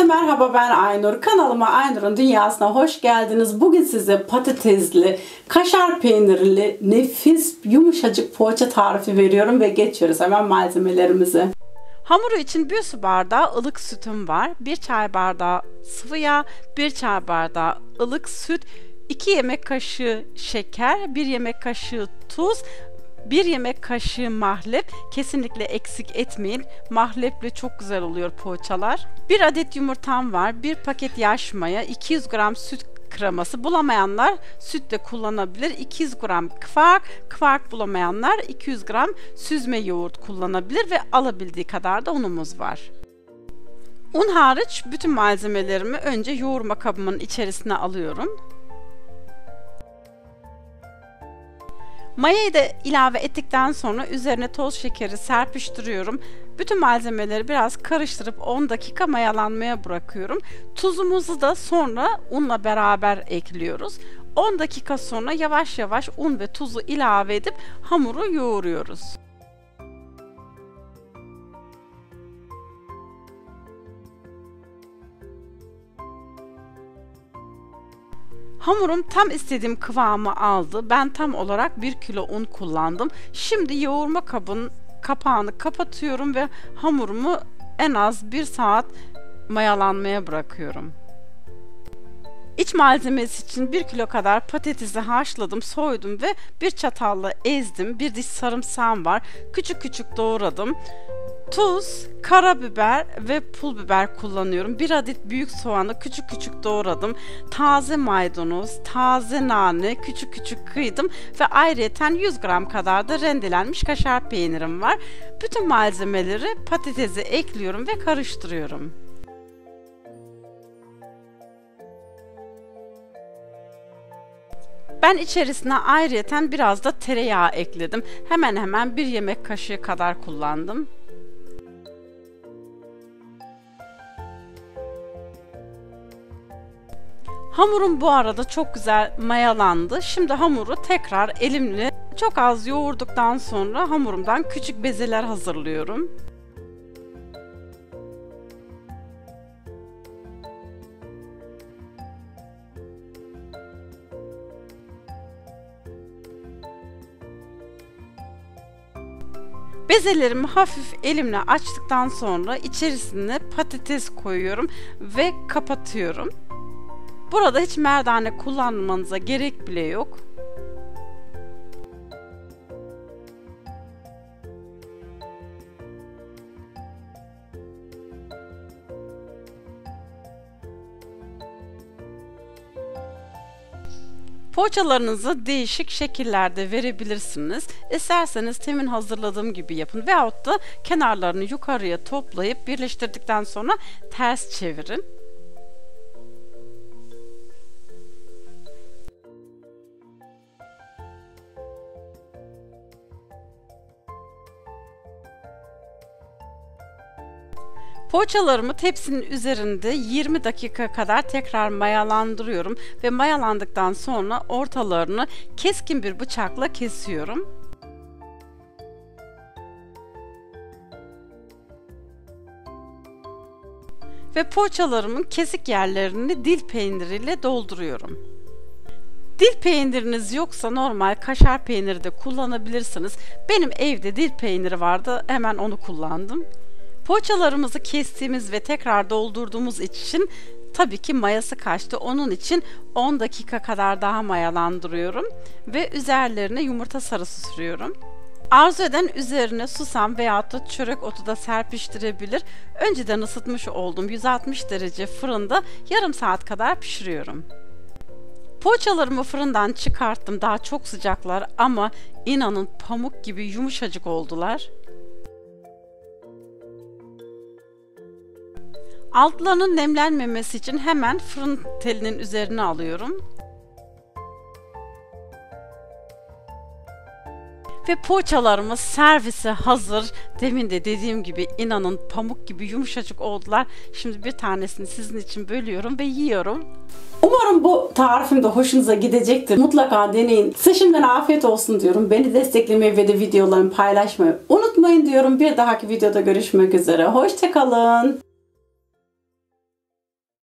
Herkese merhaba ben Aynur. Kanalıma Aynur'un dünyasına hoş geldiniz. Bugün size patatesli, kaşar peynirli, nefis, yumuşacık poğaça tarifi veriyorum ve geçiyoruz hemen malzemelerimize. Hamuru için bir su bardağı ılık sütüm var. Bir çay bardağı sıvı yağ, bir çay bardağı ılık süt, 2 yemek kaşığı şeker, 1 yemek kaşığı tuz bir yemek kaşığı mahlep kesinlikle eksik etmeyin. Mahleple çok güzel oluyor poğaçalar. 1 adet yumurtam var. 1 paket yaş maya, 200 gram süt kreması bulamayanlar süt de kullanabilir. 200 gram kıvark, kıvark bulamayanlar 200 gram süzme yoğurt kullanabilir ve alabildiği kadar da unumuz var. Un hariç bütün malzemelerimi önce yoğurma kabımın içerisine alıyorum. Mayayı da ilave ettikten sonra üzerine toz şekeri serpiştiriyorum. Bütün malzemeleri biraz karıştırıp 10 dakika mayalanmaya bırakıyorum. Tuzumuzu da sonra unla beraber ekliyoruz. 10 dakika sonra yavaş yavaş un ve tuzu ilave edip hamuru yoğuruyoruz. Hamurum tam istediğim kıvamı aldı. Ben tam olarak 1 kilo un kullandım. Şimdi yoğurma kabın kapağını kapatıyorum ve hamurumu en az 1 saat mayalanmaya bırakıyorum. İç malzemesi için 1 kilo kadar patatesi haşladım, soydum ve bir çatalla ezdim. Bir diş sarımsağım var. Küçük küçük doğradım. Tuz, karabiber ve pul biber kullanıyorum. Bir adet büyük soğanı küçük küçük doğradım. Taze maydanoz, taze nane küçük küçük kıydım ve ayrıyeten 100 gram kadar da rendelenmiş kaşar peynirim var. Bütün malzemeleri patatese ekliyorum ve karıştırıyorum. Ben içerisine ayrıyeten biraz da tereyağı ekledim. Hemen hemen bir yemek kaşığı kadar kullandım. Hamurum bu arada çok güzel mayalandı. Şimdi hamuru tekrar elimle çok az yoğurduktan sonra hamurumdan küçük bezeler hazırlıyorum. Bezelerimi hafif elimle açtıktan sonra içerisine patates koyuyorum ve kapatıyorum. Burada hiç merdane kullanmanıza gerek bile yok. Poçalarınızı değişik şekillerde verebilirsiniz. İsterseniz temin hazırladığım gibi yapın veyahut da kenarlarını yukarıya toplayıp birleştirdikten sonra ters çevirin. Poğaçalarımı tepsinin üzerinde 20 dakika kadar tekrar mayalandırıyorum ve mayalandıktan sonra ortalarını keskin bir bıçakla kesiyorum. ve poğaçalarımın kesik yerlerini dil peyniriyle dolduruyorum. Dil peyniriniz yoksa normal kaşar peyniri de kullanabilirsiniz. Benim evde dil peyniri vardı hemen onu kullandım. Poğaçalarımızı kestiğimiz ve tekrar doldurduğumuz için tabii ki mayası kaçtı. Onun için 10 dakika kadar daha mayalandırıyorum ve üzerlerine yumurta sarısı sürüyorum. Arzu eden üzerine susam veya da çörek otu da serpiştirebilir. Önceden ısıtmış olduğum 160 derece fırında yarım saat kadar pişiriyorum. Poğaçalarımı fırından çıkarttım. Daha çok sıcaklar ama inanın pamuk gibi yumuşacık oldular. Altlarının nemlenmemesi için hemen fırın telinin üzerine alıyorum. Ve poğaçalarımız servise hazır. Demin de dediğim gibi inanın pamuk gibi yumuşacık oldular. Şimdi bir tanesini sizin için bölüyorum ve yiyorum. Umarım bu tarifim de hoşunuza gidecektir. Mutlaka deneyin. Size şimdiden afiyet olsun diyorum. Beni desteklemeyi ve de videolarımı paylaşmayı unutmayın diyorum. Bir dahaki videoda görüşmek üzere. Hoşçakalın.